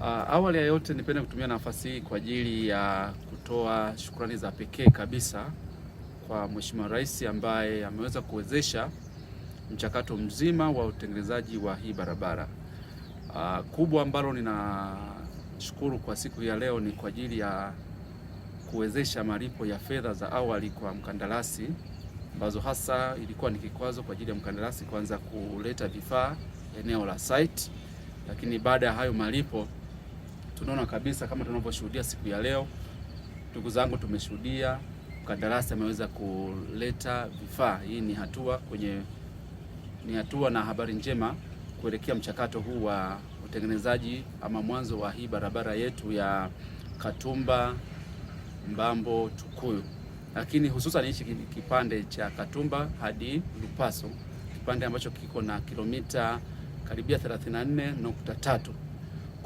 Uh, awali ya yote nipende kutumia nafasi hii kwa ajili ya kutoa shukrani za pekee kabisa kwa Mheshimiwa Rais ambaye ameweza kuwezesha mchakato mzima wa utengenezaji wa hii barabara. Uh, kubwa ambalo ninashukuru kwa siku ya leo ni kwa ajili ya kuwezesha malipo ya fedha za awali kwa mkandarasi ambazo hasa ilikuwa ni kikwazo kwa ajili ya mkandarasi kuanza kuleta vifaa eneo la site, lakini baada ya hayo malipo tunaona kabisa kama tunavyoshuhudia siku ya leo, ndugu zangu, tumeshuhudia mkandarasi ameweza kuleta vifaa. Hii ni hatua kwenye ni hatua na habari njema kuelekea mchakato huu wa utengenezaji ama mwanzo wa hii barabara yetu ya Katumba Mbambo Tukuyu, lakini hususan hichi kipande cha Katumba hadi Lupaso, kipande ambacho kiko na kilomita karibia 34.3.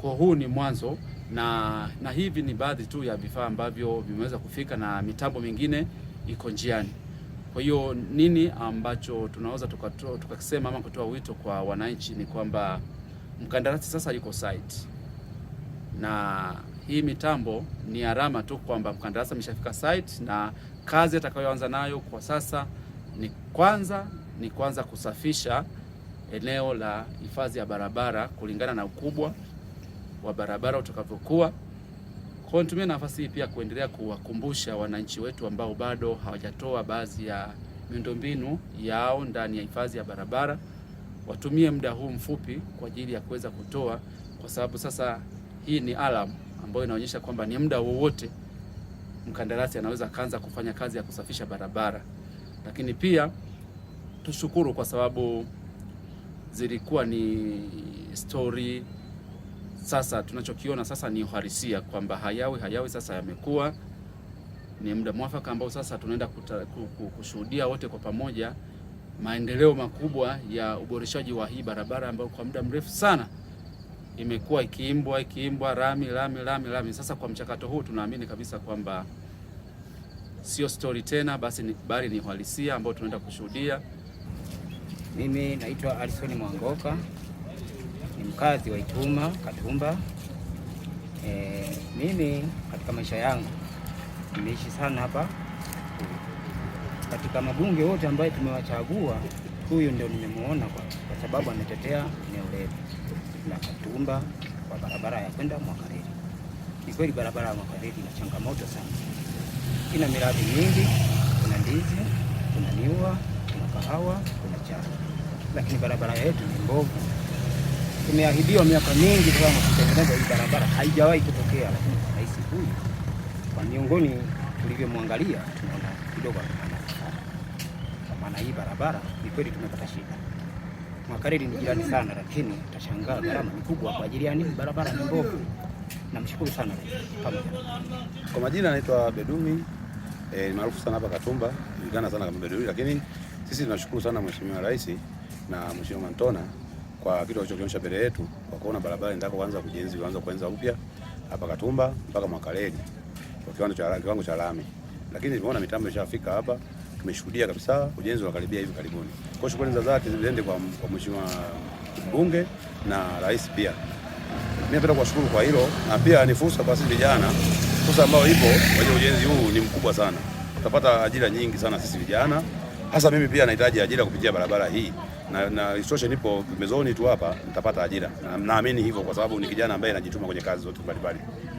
Kwa huu ni mwanzo na, na hivi ni baadhi tu ya vifaa ambavyo vimeweza kufika na mitambo mingine iko njiani. Kwa hiyo nini ambacho tunaweza tukasema ama kutoa wito kwa wananchi ni kwamba mkandarasi sasa yuko site na hii mitambo ni alama tu kwamba mkandarasi ameshafika site, na kazi atakayoanza nayo kwa sasa ni kwanza ni kwanza kusafisha eneo la hifadhi ya barabara kulingana na ukubwa wa barabara utakavyokuwa. Kwa hiyo nitumie nafasi hii pia kuendelea kuwakumbusha wananchi wetu ambao bado hawajatoa baadhi ya miundombinu yao ndani ya hifadhi ya barabara watumie muda huu mfupi kwa ajili ya kuweza kutoa, kwa sababu sasa hii ni alam ambayo inaonyesha kwamba ni muda wowote mkandarasi anaweza kaanza kufanya kazi ya kusafisha barabara. Lakini pia tushukuru kwa sababu zilikuwa ni stori sasa tunachokiona sasa ni uharisia kwamba hayawi hayawi sasa yamekuwa ni muda mwafaka ambao sasa tunaenda kushuhudia wote kwa pamoja maendeleo makubwa ya uboreshaji wa hii barabara ambayo kwa muda mrefu sana imekuwa ikiimbwa ikiimbwa rami rami rami rami. Sasa kwa mchakato huu tunaamini kabisa kwamba sio stori tena basi ni, bali ni uhalisia ambao tunaenda kushuhudia. Mimi naitwa Alison Mwangoka ni mkazi wa Ituma Katumba. E, mimi katika maisha yangu nimeishi sana hapa katika mabunge wote ambayo tumewachagua, huyu ndio nimemuona kwa, kwa sababu ametetea eneo letu la Katumba kwa barabara ya kwenda Mwakariri. Ni kweli barabara ya Mwakariri ina changamoto sana, ina miradi mingi, kuna ndizi, kuna miwa, kuna kahawa, kuna chai, lakini barabara yetu ni mbovu tumeahidiwa miaka mingi kwamba tutengeneza hii barabara, haijawahi kutokea, lakini rais huyu kwa miongoni tulivyomwangalia tunaona kidogo ana kwa maana hii barabara ni kweli tumepata shida. Mwakariri ni jirani sana, lakini utashangaa gharama ni kubwa kwa ajili ya nini? Barabara ni mbovu. Namshukuru sana pamoja. Kwa majina anaitwa Bedumi e, ni e, maarufu sana hapa Katumba, julikana sana kama Bedumi, lakini sisi tunashukuru sana Mheshimiwa Rais na Mheshimiwa Mantona kwa kitu alichokionyesha mbele yetu, kwa kuona barabara inataka kuanza kujenzi kuanza kuanza upya hapa Katumba mpaka Mwakaleli kwa kiwango cha kiwango cha lami, lakini nimeona mitambo imeshafika hapa, tumeshuhudia kabisa ujenzi unakaribia hivi karibuni. Kwa shukrani za dhati ziende kwa, kwa mheshimiwa mbunge na rais pia. Mimi napenda kuwashukuru kwa hilo na pia ni fursa kwa sisi vijana, fursa ambayo ipo kwa ujenzi huu ni mkubwa sana, tutapata ajira nyingi sana sisi vijana, hasa mimi pia nahitaji ajira kupitia barabara hii na, na isitoshe nipo mezoni tu hapa, nitapata ajira. Naamini na hivyo, kwa sababu ni kijana ambaye anajituma kwenye kazi zote mbalimbali.